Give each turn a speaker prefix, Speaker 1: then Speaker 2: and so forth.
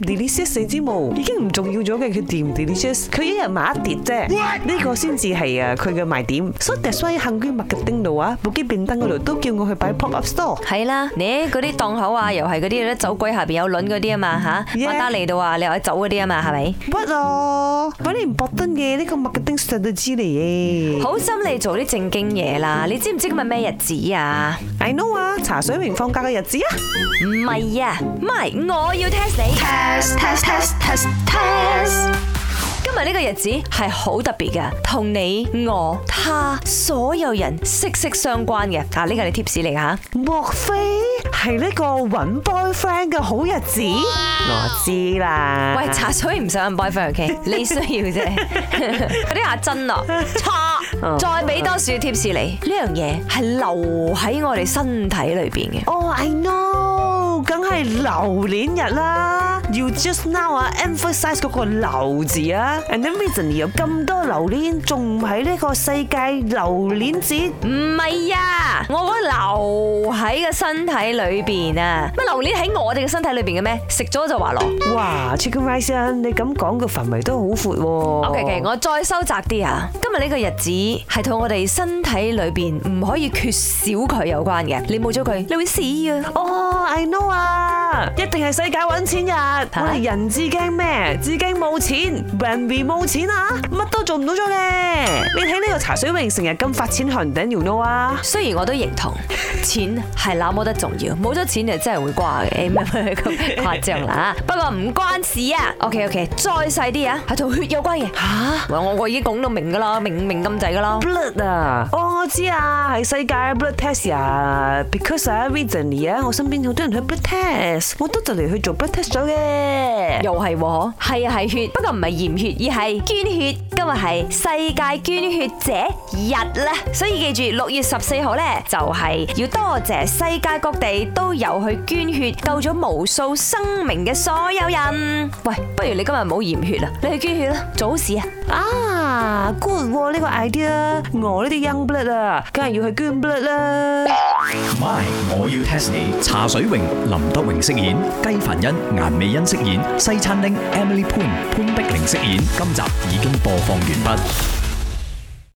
Speaker 1: Delicious 四支毛已經唔重要咗
Speaker 2: 嘅，佢掂 Delicious，佢一日賣一碟啫，呢個先至係啊佢嘅賣點。So that's
Speaker 1: why 行居麥格頂度啊，布基變燈嗰度都叫我去擺 pop up store。係啦，你嗰啲檔口啊，又係嗰啲咧，走鬼下邊有輪嗰啲啊嘛嚇，阿達嚟到啊，你又喺走嗰啲啊嘛，係咪？
Speaker 2: 乜啊？反正變燈嘅呢個麥格丁上到知嚟嘅。
Speaker 1: 好心你做啲正經嘢啦，你知唔知今日咩日子啊？I know 啊，茶水明放假嘅日子啊？唔係啊，唔係，我要 test 你。Test test test test test。今日呢個日子係好特別嘅，同你、我、他所有人息息相關嘅。啊，呢個係你貼士嚟㗎吓。莫非係呢個搵 boyfriend 嘅好日子？我知啦。喂，茶水唔想搵 boyfriend OK？你需要啫。嗰啲阿珍啊，差。再俾多少貼士你。呢樣嘢係留喺我哋身體裏邊嘅。Oh, I know. 梗係榴蓮日啦，Youjust now 啊，emphasize 嗰個
Speaker 2: 榴字啊，and then recently 有咁多榴蓮，仲唔係呢個世界榴
Speaker 1: 蓮節？唔係啊，我講留喺個身體裏邊啊，乜榴蓮喺我哋嘅身體裏邊嘅咩？食咗就話咯。哇，Chicken Rice，你咁講個
Speaker 2: 範圍都好闊。O K K，我
Speaker 1: 再收窄啲啊，今日呢個日子係同我哋身體裏邊唔可以缺少佢有關嘅，你冇咗佢，你會死啊。哦，I know 啊。一定係世界揾錢、啊、人。錢，我哋人至驚咩？至驚冇錢 when we 冇錢啊，乜都做唔到咗嘅。你睇呢個茶水妹成日咁發錢行，行唔頂？You know 啊？雖然我都認同，錢係那麼得重要，冇咗錢就真係會掛嘅，咁誇張啦，不過唔關事啊。OK OK，再細啲啊，係同血有關嘅、啊。吓，我我已經講到明噶啦，明明咁滯噶啦？Blood 啊，哦，
Speaker 2: 我知啊，喺世界的 blood test 啊，because 啊 Virginia 我身邊好多人去 blood test。
Speaker 1: Yes, 我都就嚟去做 blood test 咗嘅，又係，係啊係血，不過唔係驗血，而係捐血。今日係世界捐血者日啦，所以記住六月十四號咧，就係、是、要多謝世界各地都有去捐血，救咗無數生命嘅所有人。喂，不如你今日唔好驗血啦，你去捐血啦，做好事啊。啊，good 呢、呢個 idea，我呢啲 young
Speaker 2: blood 啊，梗係要去捐 blood 啦。
Speaker 1: 我要 test 你。茶水榮林德榮飾演，雞凡欣顏美恩飾演，
Speaker 2: 西餐廳 Emily Poon 潘碧
Speaker 1: 玲飾演。今集已經播放完畢。